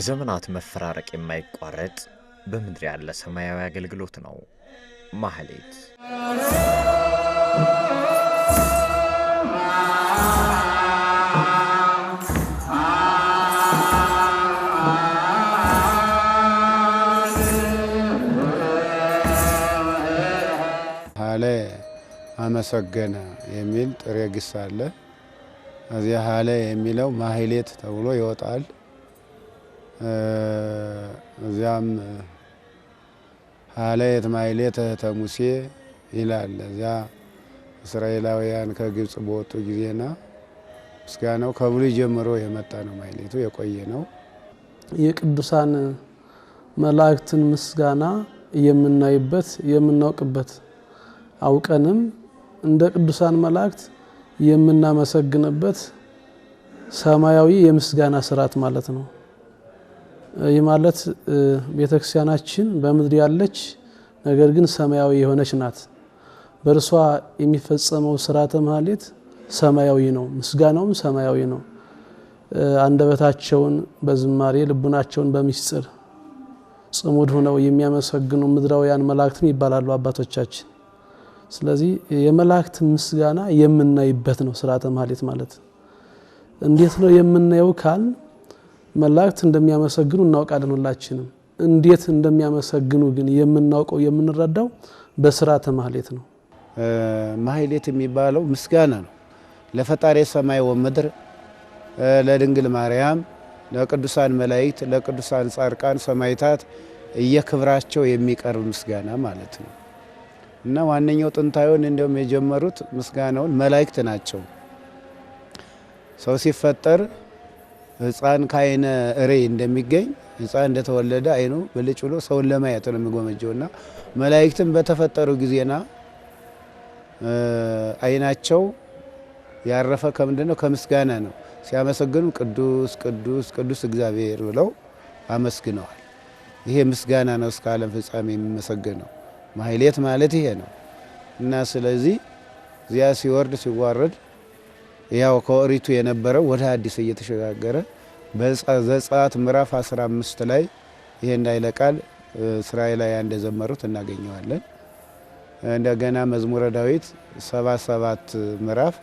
በዘመናት መፈራረቅ የማይቋረጥ በምድር ያለ ሰማያዊ አገልግሎት ነው። ማህሌት ሀሌ አመሰገነ የሚል ጥሬ ግስ አለ። እዚያ ሀሌ የሚለው ማህሌት ተብሎ ይወጣል። እዚያም ሀለየት ማይሌተ ተሙሴ ይላል። እዚያ እስራኤላውያን ከግብፅ በወጡ ጊዜና ምስጋናው ከብሉይ ጀምሮ የመጣ ነው። ማይሌቱ የቆየ ነው። የቅዱሳን መላእክትን ምስጋና የምናይበት የምናውቅበት አውቀንም እንደ ቅዱሳን መላእክት የምናመሰግንበት ሰማያዊ የምስጋና ስርዓት ማለት ነው። ይህ ማለት ቤተክርስቲያናችን በምድር ያለች ነገር ግን ሰማያዊ የሆነች ናት። በእርሷ የሚፈጸመው ስርዓተ ማህሌት ሰማያዊ ነው፣ ምስጋናውም ሰማያዊ ነው። አንደበታቸውን በዝማሬ ልቡናቸውን በሚስጥር ጽሙድ ሆነው የሚያመሰግኑ ምድራውያን መላእክትም ይባላሉ አባቶቻችን። ስለዚህ የመላእክት ምስጋና የምናይበት ነው ስርዓተ ማህሌት ማለት። እንዴት ነው የምናየው ካልን መላእክት እንደሚያመሰግኑ እናውቃለን። ሁላችንም እንዴት እንደሚያመሰግኑ ግን የምናውቀው የምንረዳው በስርዓተ ማህሌት ነው። ማህሌት የሚባለው ምስጋና ነው ለፈጣሪ ሰማይ ወምድር፣ ለድንግል ማርያም፣ ለቅዱሳን መላእክት፣ ለቅዱሳን ጻድቃን ሰማይታት እየክብራቸው የሚቀርብ ምስጋና ማለት ነው እና ዋነኛው ጥንታዊውን እንዲሁም የጀመሩት ምስጋናውን መላእክት ናቸው ሰው ሲፈጠር ህፃን ከአይነ እሬ እንደሚገኝ ህፃን እንደተወለደ አይኑ ብልጭ ብሎ ሰውን ለማየት ነው የሚጎመጀው እና መላእክትም በተፈጠሩ ጊዜና አይናቸው ያረፈ ከምንድን ነው? ከምስጋና ነው። ሲያመሰግኑ ቅዱስ ቅዱስ ቅዱስ እግዚአብሔር ብለው አመስግነዋል። ይሄ ምስጋና ነው እስከ ዓለም ፍጻሜ የሚመሰገነው። ማህሌት ማለት ይሄ ነው እና ስለዚህ እዚያ ሲወርድ ሲዋረድ ያው ከኦሪቱ የነበረው ወደ አዲስ እየተሸጋገረ በዘጸአት ምዕራፍ 15 ላይ ይሄ ኃይለ ቃል እስራኤላውያን እንደዘመሩት እናገኘዋለን። እንደገና መዝሙረ ዳዊት 77 ምዕራፍ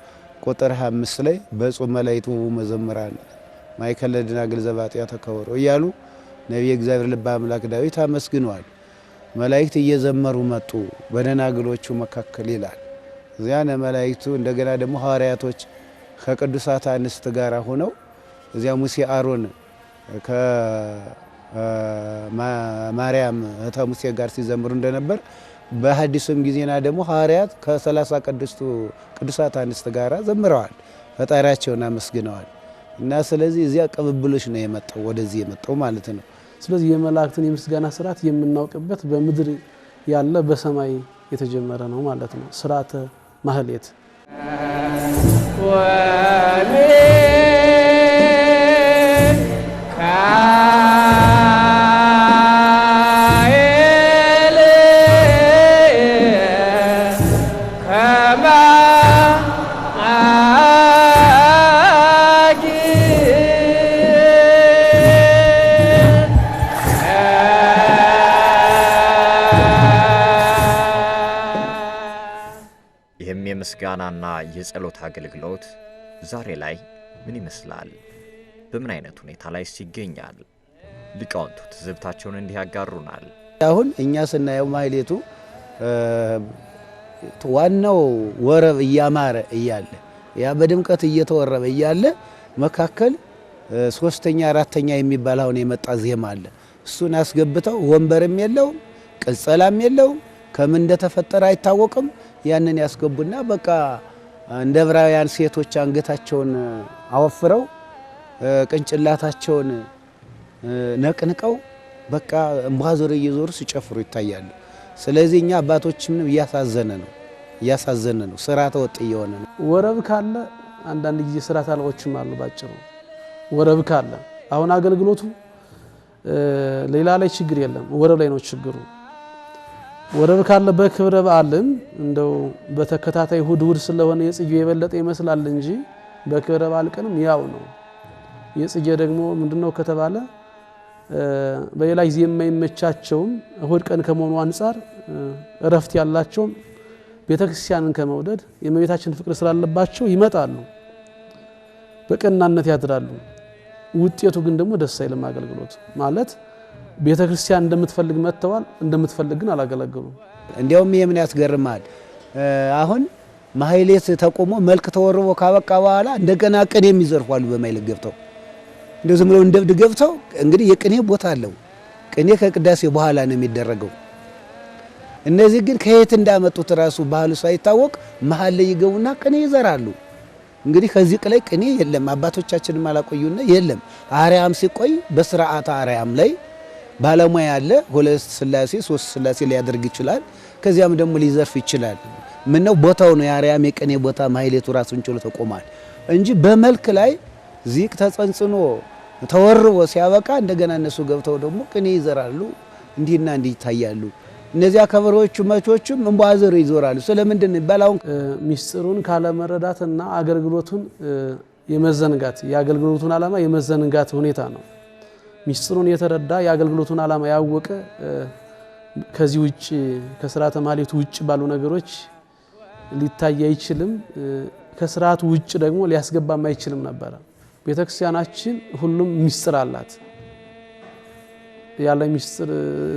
ቁጥር 5 ላይ በጾመ ላዕቱ ውእቱ መዘምራን ማእከለ ደናግል ዘባጢአተ ከበሮ እያሉ ነቢየ እግዚአብሔር ልበ አምላክ ዳዊት አመስግነዋል። መላእክት እየዘመሩ መጡ በደናግሎቹ መካከል ይላል። እዚያ መላእክቱ እንደገና ደግሞ ሐዋርያቶች ከቅዱሳት አንስት ጋር ሆነው እዚያ ሙሴ አሮን ከማርያም እህተ ሙሴ ጋር ሲዘምሩ እንደነበር በሐዲሱም ጊዜና ደግሞ ሐዋርያት ከሰላሳ ቅዱስቱ ቅዱሳት አንስት ጋር ዘምረዋል፣ ፈጣሪያቸውን አመስግነዋል። እና ስለዚህ እዚያ ቅብብሎች ነው የመጣው ወደዚህ የመጣው ማለት ነው። ስለዚህ የመላእክትን የምስጋና ስርዓት የምናውቅበት በምድር ያለ በሰማይ የተጀመረ ነው ማለት ነው ስርዓተ ማህሌት Well, የምስጋናና የጸሎት አገልግሎት ዛሬ ላይ ምን ይመስላል? በምን አይነት ሁኔታ ላይ ይገኛል? ሊቃውንቱ ትዝብታቸውን እንዲህ ያጋሩናል። አሁን እኛ ስናየው ማይሌቱ ዋናው ወረብ እያማረ እያለ ያ በድምቀት እየተወረበ እያለ መካከል ሶስተኛ አራተኛ የሚባል አሁን የመጣ ዜማ አለ። እሱን አስገብተው ወንበርም የለውም ቅጸላም የለውም ከምን እንደተፈጠረ አይታወቅም። ያንን ያስገቡና በቃ እንደ ዕብራውያን ሴቶች አንገታቸውን አወፍረው ቅንጭላታቸውን ነቅንቀው በቃ እምባዞር እየዞሩ ሲጨፍሩ ይታያሉ። ስለዚህ እኛ አባቶችንም እያሳዘነ ነው እያሳዘነ ነው። ስራ ተወጥ እየሆነ ነው። ወረብ ካለ አንዳንድ ጊዜ ስራ ታልቆችም አሉ። ባጭሩ ወረብ ካለ አሁን አገልግሎቱ ሌላ ላይ ችግር የለም፣ ወረብ ላይ ነው ችግሩ። ወረብ ካለበት ክብረ በዓልም እንደው በተከታታይ እሁድ እሁድ ስለሆነ የጽጌ የበለጠ ይመስላል እንጂ በክብረ በዓል ቀንም ያው ነው። የጽጌ ደግሞ ምንድነው ከተባለ በሌላ ጊዜ የማይመቻቸውም እሁድ ቀን ከመሆኑ አንጻር እረፍት ያላቸውም ቤተክርስቲያንን ከመውደድ የእመቤታችን ፍቅር ስላለባቸው ይመጣሉ፣ በቀናነት ያድራሉ። ውጤቱ ግን ደግሞ ደስ አይልም። አገልግሎት ማለት ቤተ ክርስቲያን እንደምትፈልግ መጥተዋል፣ እንደምትፈልግ ግን አላገለገሉም። እንዲያውም ይህ ምን ያስገርማል? አሁን ማህሌት ተቆሞ መልክ ተወርቦ ካበቃ በኋላ እንደገና ቅኔ የሚዘርፏሉ። በማይልክ ገብተው እንደ ዝም ብለው እንደብድ ገብተው እንግዲህ የቅኔ ቦታ አለው። ቅኔ ከቅዳሴ በኋላ ነው የሚደረገው። እነዚህ ግን ከየት እንዳመጡት ራሱ ባህሉ ሳይታወቅ መሀል ላይ ይገቡና ቅኔ ይዘራሉ። እንግዲህ ከዚህ ላይ ቅኔ የለም፣ አባቶቻችንም አላቆዩና የለም። አርያም ሲቆይ በስርዓተ አርያም ላይ ባለሙያ አለ። ሁለት ስላሴ ሶስት ስላሴ ሊያደርግ ይችላል። ከዚያም ደግሞ ሊዘርፍ ይችላል። ምነው ቦታው ነው የአርያም የቀኔ ቦታ ማሕሌቱ ራሱን ችሎ ተቆሟል እንጂ በመልክ ላይ ዚቅ ተጸንጽኖ ተወርቦ ሲያበቃ እንደገና እነሱ ገብተው ደግሞ ቅኔ ይዘራሉ። እንዲህና እንዲህ ይታያሉ። እነዚያ ከበሮቹ መቾቹም እንቧዘሩ ይዞራሉ። ስለምንድን ይባል ሚስጥሩን ካለመረዳትና አገልግሎቱን የመዘንጋት የአገልግሎቱን ዓላማ የመዘንጋት ሁኔታ ነው። ሚስጥሩን የተረዳ የአገልግሎቱን ዓላማ ያወቀ ከዚህ ውጭ ከስርዓተ ማህሌቱ ውጭ ባሉ ነገሮች ሊታይ አይችልም። ከስርዓቱ ውጭ ደግሞ ሊያስገባም አይችልም ነበረ። ቤተክርስቲያናችን ሁሉም ሚስጥር አላት። ያለ ሚስጥር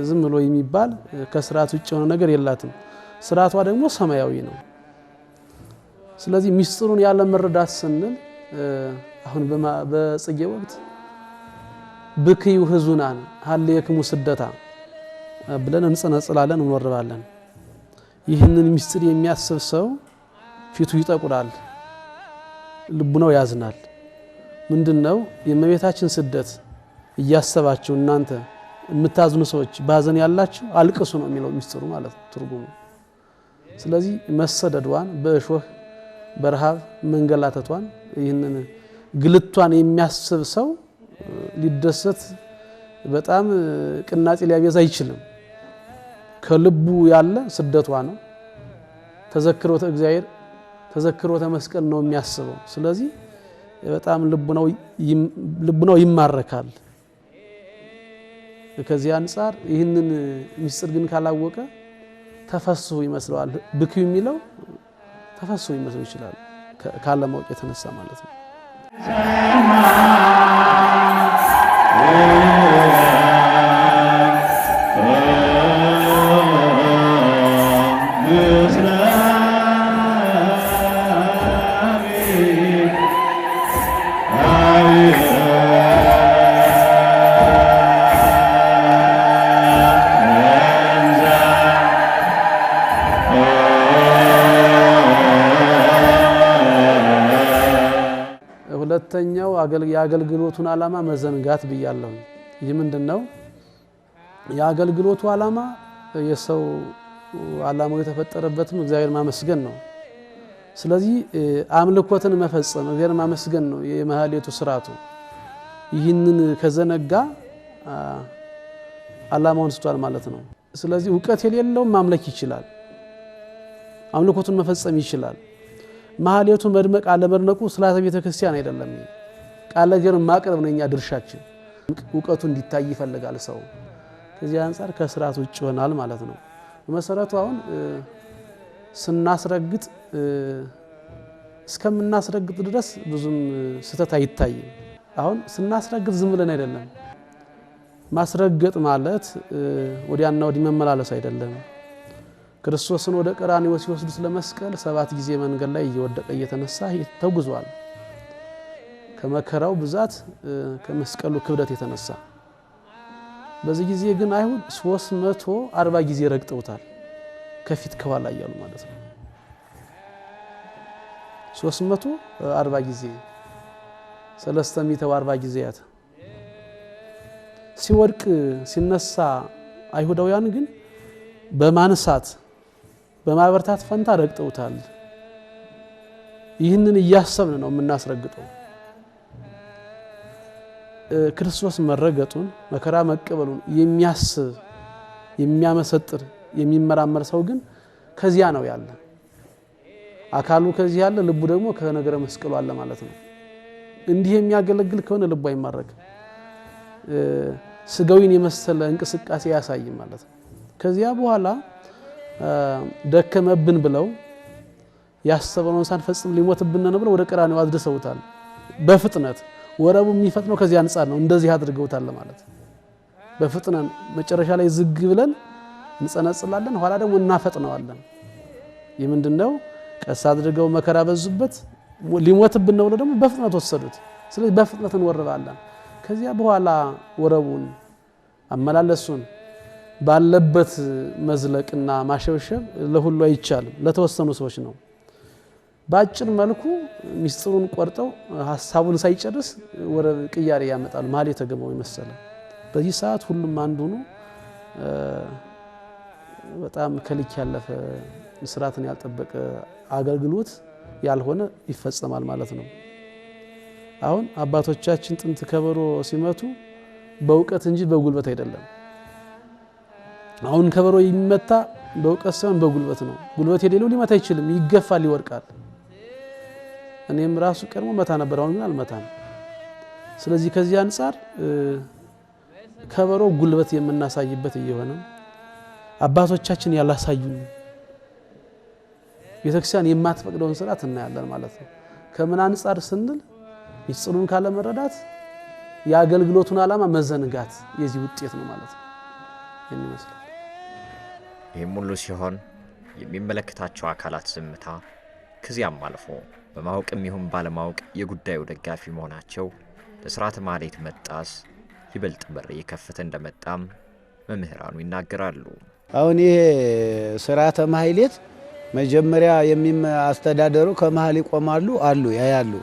ዝም ብሎ የሚባል ከስርዓት ውጭ የሆነ ነገር የላትም። ስርዓቷ ደግሞ ሰማያዊ ነው። ስለዚህ ሚስጥሩን ያለ መረዳት ስንል አሁን በጽጌ ወቅት ብክዩ ህዙናን ሀሌክሙ ስደታ ብለን እንጸነጽላለን፣ እንወርባለን። ይህንን ሚስጢር የሚያስብ ሰው ፊቱ ይጠቁራል፣ ልቡናው ያዝናል። ምንድን ነው የእመቤታችን ስደት እያሰባችሁ እናንተ የምታዝኑ ሰዎች ባዘን ያላችሁ አልቅሱ ነው የሚለው ሚስጢሩ ማለት ነው ትርጉሙ። ስለዚህ መሰደዷን በእሾህ በረሃብ መንገላተቷን ይህንን ግልቷን የሚያስብ ሰው ሊደሰት በጣም ቅናጼ ሊያበዛ አይችልም። ከልቡ ያለ ስደቷ ነው። ተዘክሮተ እግዚአብሔር ተዘክሮተ መስቀል ነው የሚያስበው። ስለዚህ በጣም ልቡናው ይማረካል። ከዚህ አንጻር ይህንን ሚስጥር ግን ካላወቀ ተፈሱ ይመስለዋል። ብኪ የሚለው ተፈሱ ይመስለው ይችላል፣ ካለማወቅ የተነሳ ማለት ነው። ሁለተኛው የአገልግሎቱን ዓላማ መዘንጋት ብያለሁ። ይህ ምንድን ነው? የአገልግሎቱ ዓላማ የሰው ዓላማው የተፈጠረበትም እግዚአብሔር ማመስገን ነው። ስለዚህ አምልኮትን መፈጸም እግዚአብሔር ማመስገን ነው የመሀሌቱ ስርዓቱ። ይህንን ከዘነጋ ዓላማውን ስቷል ማለት ነው። ስለዚህ እውቀት የሌለው ማምለክ ይችላል፣ አምልኮቱን መፈጸም ይችላል። ማህሌቱ መድመቅ አለመድመቁ ስላተ ቤተ ክርስቲያን አይደለም። ቃለ እግዚአብሔርን ማቅረብ ነው ድርሻችን። እውቀቱ እንዲታይ ይፈልጋል ሰው። ከዚህ አንጻር ከስርዓት ውጭ ይሆናል ማለት ነው። በመሰረቱ አሁን ስናስረግጥ እስከምናስረግጥ ድረስ ብዙም ስህተት አይታይም። አሁን ስናስረግጥ ዝም ብለን አይደለም። ማስረገጥ ማለት ወዲያና ወዲህ መመላለስ አይደለም። ክርስቶስን ወደ ቀራንዮ ሲወስዱት ለመስቀል ሰባት ጊዜ መንገድ ላይ እየወደቀ እየተነሳ ተጉዟል። ከመከራው ብዛት ከመስቀሉ ክብደት የተነሳ በዚህ ጊዜ ግን አይሁድ 340 ጊዜ ረግጠውታል። ከፊት ከኋላ እያሉ ማለት ነው። 340 ጊዜ ሰለስተ ሚተው 40 ጊዜያት ሲወድቅ ሲነሳ አይሁዳውያን ግን በማንሳት በማበርታት ፈንታ ረግጠውታል። ይህንን እያሰብን ነው የምናስረግጠው። ክርስቶስ መረገጡን መከራ መቀበሉን የሚያስብ የሚያመሰጥር የሚመራመር ሰው ግን ከዚያ ነው ያለ። አካሉ ከዚህ ያለ፣ ልቡ ደግሞ ከነገረ መስቀሉ አለ ማለት ነው። እንዲህ የሚያገለግል ከሆነ ልቡ አይማረግ፣ ስጋዊን የመሰለ እንቅስቃሴ አያሳይም ማለት ነው። ከዚያ በኋላ ደከመብን ብለው ያሰበውን ሳንፈጽም ሊሞትብን ነው ብለው ወደ ቀራንዮ አድርሰውታል። በፍጥነት ወረቡ የሚፈጥነው ከዚህ አንጻር ነው። እንደዚህ አድርገውታል ማለት በፍጥነት መጨረሻ ላይ ዝግ ብለን እንጸነጽላለን፣ ኋላ ደግሞ እናፈጥነዋለን። ይህ ምንድን ነው? ቀስ አድርገው መከራ በዙበት፣ ሊሞትብን ነው ብለው ደግሞ በፍጥነት ወሰዱት። ስለዚህ በፍጥነት እንወርባለን። ከዚያ በኋላ ወረቡን አመላለሱን ባለበት መዝለቅና ማሸብሸብ ለሁሉ አይቻልም፣ ለተወሰኑ ሰዎች ነው። በአጭር መልኩ ሚስጥሩን ቆርጠው ሀሳቡን ሳይጨርስ ወደ ቅያሬ ያመጣሉ። መሀል የተገባው ይመሰለ በዚህ ሰዓት ሁሉም አንዱ ነው። በጣም ከልክ ያለፈ ስርዓትን ያልጠበቀ አገልግሎት ያልሆነ ይፈጸማል ማለት ነው። አሁን አባቶቻችን ጥንት ከበሮ ሲመቱ በእውቀት እንጂ በጉልበት አይደለም። አሁን ከበሮ የሚመታ በእውቀት ሳይሆን በጉልበት ነው። ጉልበት የሌለው ሊመታ አይችልም፣ ይገፋል፣ ይወድቃል። እኔም ራሱ ቀድሞ መታ ነበር፣ አሁን ግን አልመታም። ስለዚህ ከዚህ አንጻር ከበሮ ጉልበት የምናሳይበት እየሆነ አባቶቻችን ያላሳዩን ቤተክርስቲያን የማትፈቅደውን ስርዓት እናያለን ማለት ነው። ከምን አንጻር ስንል ሚስጥሩን ካለመረዳት የአገልግሎቱን ዓላማ መዘንጋት የዚህ ውጤት ነው ማለት ነው የሚመስለው። ይህም ሁሉ ሲሆን የሚመለከታቸው አካላት ዝምታ ከዚያም አልፎ በማወቅም ይሁን ባለማወቅ የጉዳዩ ደጋፊ መሆናቸው ለስርዓተ ማኅሌት መጣስ ይበልጥ በር እየከፈተ እንደመጣም መምህራኑ ይናገራሉ። አሁን ይሄ ስርዓተ ማሌት መጀመሪያ አስተዳደሩ ከመሀል ይቆማሉ አሉ ያያሉ።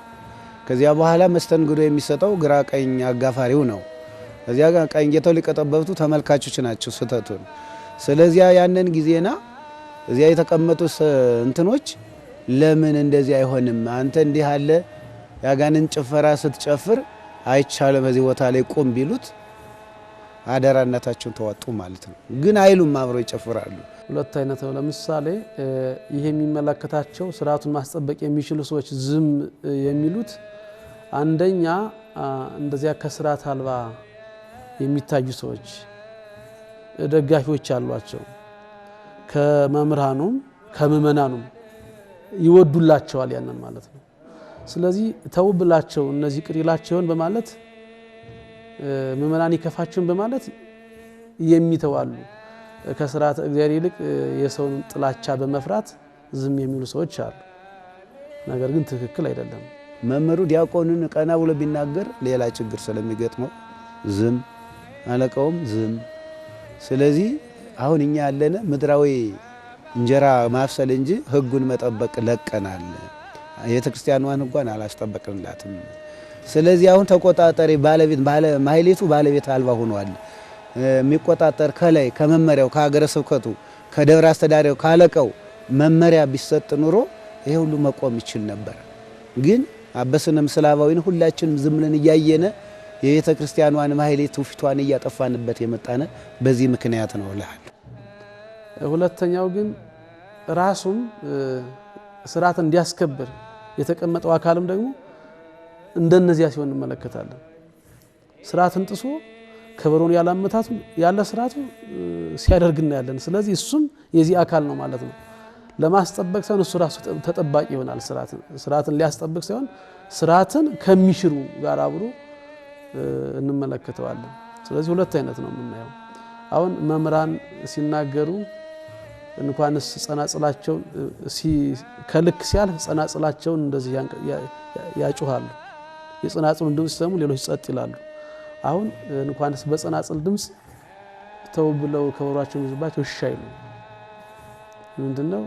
ከዚያ በኋላ መስተንግዶ የሚሰጠው ግራ ቀኝ አጋፋሪው ነው። ከዚያ ቀኝ ጌተው ሊቀጠበብቱ ተመልካቾች ናቸው ስህተቱን ስለዚያ ያንን ጊዜና እዚያ የተቀመጡ እንትኖች ለምን እንደዚህ አይሆንም? አንተ እንዲህ አለ ያጋንን ጭፈራ ስትጨፍር አይቻልም፣ በዚህ ቦታ ላይ ቁም ቢሉት አደራነታቸውን ተዋጡ ማለት ነው። ግን አይሉም፣ አብረው ይጨፍራሉ። ሁለት አይነት ነው። ለምሳሌ ይሄ የሚመለከታቸው ስርዓቱን ማስጠበቅ የሚችሉ ሰዎች ዝም የሚሉት አንደኛ እንደዚያ ከስርዓት አልባ የሚታዩ ሰዎች ደጋፊዎች አሏቸው። ከመምህራኑም ከምእመናኑም ይወዱላቸዋል ያንን ማለት ነው። ስለዚህ ተው ብላቸው እነዚህ ቅሪላቸውን በማለት ምእመናን ይከፋቸውን በማለት የሚተዋሉ ከስርዓተ እግዚአብሔር ይልቅ የሰውን ጥላቻ በመፍራት ዝም የሚሉ ሰዎች አሉ። ነገር ግን ትክክል አይደለም። መምህሩ ዲያቆንን ቀና ብሎ ቢናገር ሌላ ችግር ስለሚገጥመው ዝም፣ አለቀውም ዝም ስለዚህ አሁን እኛ ያለነ ምድራዊ እንጀራ ማብሰል እንጂ ህጉን መጠበቅ ለቀናል። ቤተ ክርስቲያኗን ሕጓን አላስጠበቅንላትም። ስለዚህ አሁን ተቆጣጠሪ ባለቤት ማህሌቱ ባለቤት አልባ ሆኗል። የሚቆጣጠር ከላይ ከመመሪያው ከሀገረ ስብከቱ ከደብረ አስተዳዳሪው ካለቀው መመሪያ ቢሰጥ ኑሮ ይሄ ሁሉ መቆም ይችል ነበር። ግን አበስነ ምስላባዊን ሁላችንም ዝም ብለን እያየነ የቤተ ክርስቲያኗን ማህሌት ትውፊቷን እያጠፋንበት የመጣነ በዚህ ምክንያት ነው ልል። ሁለተኛው ግን ራሱም ስርዓት እንዲያስከብር የተቀመጠው አካልም ደግሞ እንደነዚያ ሲሆን እንመለከታለን። ስርዓትን ጥሶ ከበሮን ያላመታቱ ያለ ስርዓቱ ሲያደርግ እናያለን። ስለዚህ እሱም የዚህ አካል ነው ማለት ነው። ለማስጠበቅ ሳይሆን እሱ ራሱ ተጠባቂ ይሆናል። ስርዓትን ሊያስጠብቅ ሳይሆን ስርዓትን ከሚሽሩ ጋር አብሮ እንመለከተዋለን። ስለዚህ ሁለት አይነት ነው የምናየው። አሁን መምህራን ሲናገሩ እንኳንስ ጸናጽላቸው ከልክ ሲያልፍ ጸናጽላቸውን እንደዚህ ያጩሃሉ። የጸናጽሉን ድምፅ ሲሰሙ ሌሎች ጸጥ ይላሉ። አሁን እንኳንስ በጸናጽል ድምፅ ተው ብለው ከበሯቸውን ይዙባቸው እሺ አይሉ። ምንድነው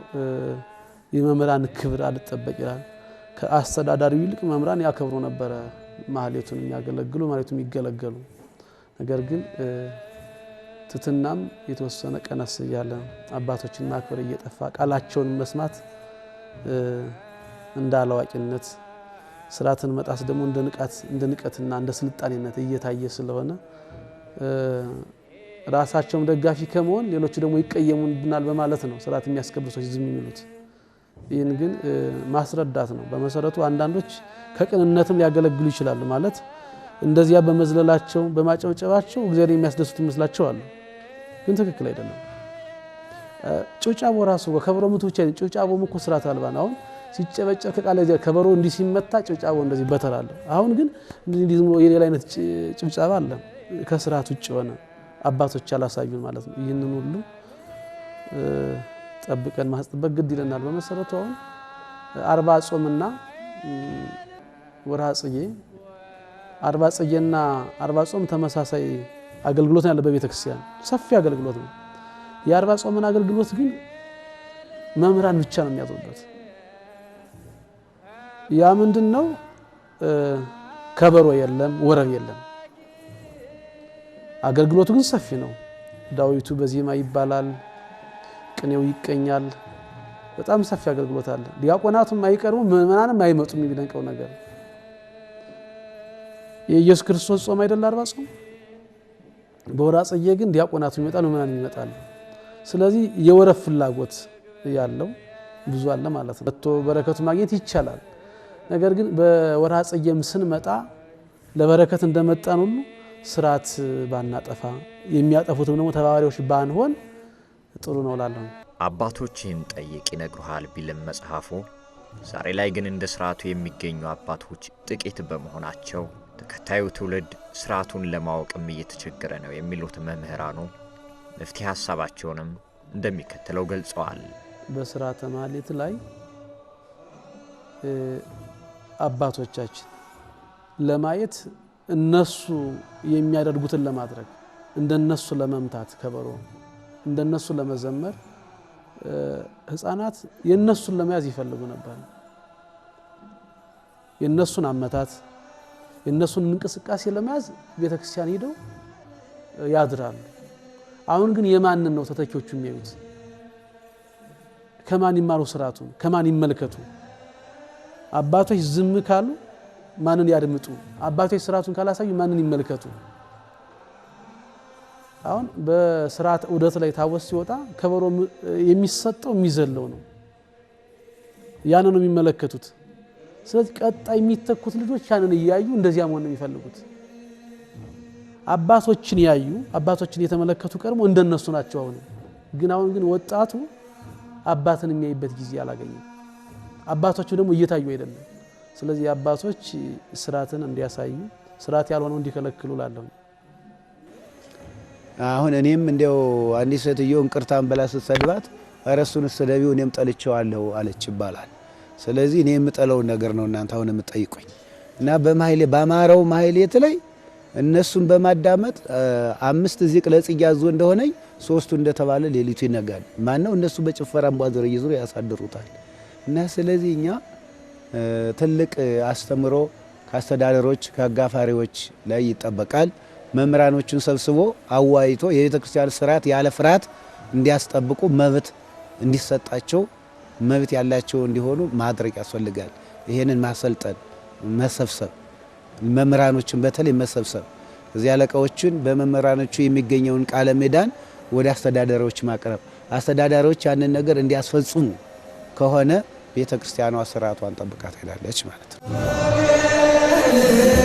የመምህራን ክብር አልጠበቅ ይላል። ከአስተዳዳሪው ይልቅ መምህራን ያከብሩ ነበረ። ማህሌቱን የሚያገለግሉ ማህሌቱን የሚገለገሉ ነገር ግን ትትናም የተወሰነ ቀነስ እያለ አባቶችን ማክበር እየጠፋ ቃላቸውን መስማት እንደ አላዋቂነት ስርዓትን መጣስ ደግሞ እንደ ንቃት እንደ ንቀትና እንደ ስልጣኔነት እየታየ ስለሆነ ራሳቸውም ደጋፊ ከመሆን ሌሎቹ ደግሞ ይቀየሙብናል በማለት ነው ስርዓት የሚያስከብሩ ሰዎች ዝም የሚሉት። ይህን ግን ማስረዳት ነው። በመሰረቱ አንዳንዶች ከቅንነትም ሊያገለግሉ ይችላሉ። ማለት እንደዚያ በመዝለላቸው በማጨብጨባቸው እግዚአብሔር የሚያስደስቱ ይመስላቸው አሉ። ግን ትክክል አይደለም። ጭብጨባው ራሱ ከበሮ ምቱ ብቻ ጭብጨባውም እኮ ስርዓት አልባ ነው። አሁን ሲጨበጨብ ከቃለ ከበሮ እንዲህ ሲመታ ጭብጨባው እንደዚህ በተር አለ። አሁን ግን የሌላ አይነት ጭብጨባ አለ፣ ከስርዓት ውጭ የሆነ አባቶች አላሳዩን ማለት ነው። ይህንን ሁሉ ጠብቀን ማስጠበቅ ግድ ይለናል። በመሰረቱ አሁን አርባ ጾምና ወርሃ ጽጌ አርባ ጽጌና አርባ ጾም ተመሳሳይ አገልግሎት ያለ በቤተ ክርስቲያን ሰፊ አገልግሎት ነው። የአርባ ጾምን አገልግሎት ግን መምህራን ብቻ ነው የሚያጥሩበት። ያ ምንድን ነው? ከበሮ የለም፣ ወረብ የለም። አገልግሎቱ ግን ሰፊ ነው። ዳዊቱ በዜማ ይባላል። ቅኔው ይቀኛል። በጣም ሰፊ አገልግሎት አለ። ዲያቆናቱም አይቀርቡም፣ ምዕመናንም አይመጡም። የሚደንቀው ነገር የኢየሱስ ክርስቶስ ጾም አይደል አርባ ጾም። በወራ ጽጌ ግን ዲያቆናቱ ይመጣል፣ ምዕመናን ይመጣል። ስለዚህ የወረፍ ፍላጎት ያለው ብዙ አለ ማለት ነው። መቶ በረከቱ ማግኘት ይቻላል። ነገር ግን በወራ ጽጌም ስንመጣ ለበረከት እንደመጣን ሁሉ ስርዓት ባናጠፋ የሚያጠፉትም ደግሞ ተባባሪዎች ባንሆን ጥሩ ነው ላለሁ አባቶችህን ጠይቅ ይነግሩሃል ቢልም መጽሐፉ ዛሬ ላይ ግን እንደ ስርዓቱ የሚገኙ አባቶች ጥቂት በመሆናቸው ተከታዩ ትውልድ ስርዓቱን ለማወቅም እየተቸገረ ነው የሚሉት መምህራኑ መፍትሄ ሀሳባቸውንም እንደሚከተለው ገልጸዋል። በስርዓተ ማህሌት ላይ አባቶቻችን ለማየት እነሱ የሚያደርጉትን ለማድረግ እንደነሱ ለመምታት ከበሮ እንደነሱ ለመዘመር ህፃናት የነሱን ለመያዝ ይፈልጉ ነበር። የነሱን አመታት የነሱን እንቅስቃሴ ለመያዝ ቤተክርስቲያን ሂደው ያድራሉ። አሁን ግን የማንን ነው ተተኪዎቹ የሚያዩት? ከማን ይማሩ ስርዓቱ? ከማን ይመልከቱ? አባቶች ዝም ካሉ ማንን ያድምጡ? አባቶች ስርዓቱን ካላሳዩ ማንን ይመልከቱ? አሁን በስርዓት ዑደት ላይ ታቦት ሲወጣ ከበሮ የሚሰጠው የሚዘለው ነው። ያን ነው የሚመለከቱት። ስለዚህ ቀጣይ የሚተኩት ልጆች ያንን እያዩ እንደዚያ መሆን ነው የሚፈልጉት። አባቶችን ያዩ አባቶችን የተመለከቱ ቀድሞ እንደነሱ ናቸው። አሁን ግን አሁን ግን ወጣቱ አባትን የሚያይበት ጊዜ አላገኘም። አባቶቹ ደግሞ እየታዩ አይደለም። ስለዚህ አባቶች ስርዓትን እንዲያሳዩ ስርዓት ያልሆነው እንዲከለክሉ ላለሁ አሁን እኔም እንዲያው አንዲት ሴትዮ እንቅርታን ብላ ስትሰድባት እረሱን ስደቢው እኔም ጠልቼዋለሁ አለች ይባላል። ስለዚህ እኔ የምጠለውን ነገር ነው እናንተ አሁን የምጠይቁኝ እና በማህሌ በአማራው ማህሌት ላይ እነሱን በማዳመጥ አምስት ዚቅ ለጽጌ አዞ እንደሆነኝ ሶስቱ እንደተባለ ሌሊቱ ይነጋል። ማን ነው እነሱ በጭፈራ ቧዘር እየዞሩ ያሳድሩታል። እና ስለዚህ እኛ ትልቅ አስተምሮ ከአስተዳደሮች ከአጋፋሪዎች ላይ ይጠበቃል። መምህራኖችን ሰብስቦ አዋይቶ የቤተ ክርስቲያን ስርዓት ያለ ፍርሃት እንዲያስጠብቁ መብት እንዲሰጣቸው መብት ያላቸው እንዲሆኑ ማድረግ ያስፈልጋል። ይህንን ማሰልጠን፣ መሰብሰብ፣ መምህራኖችን በተለይ መሰብሰብ እዚህ አለቃዎችን በመምህራኖቹ የሚገኘውን ቃለ ምዕዳን ወደ አስተዳዳሪዎች ማቅረብ፣ አስተዳዳሪዎች ያንን ነገር እንዲያስፈጽሙ ከሆነ ቤተ ክርስቲያኗ ስርዓቷን ጠብቃ ትሄዳለች ማለት ነው።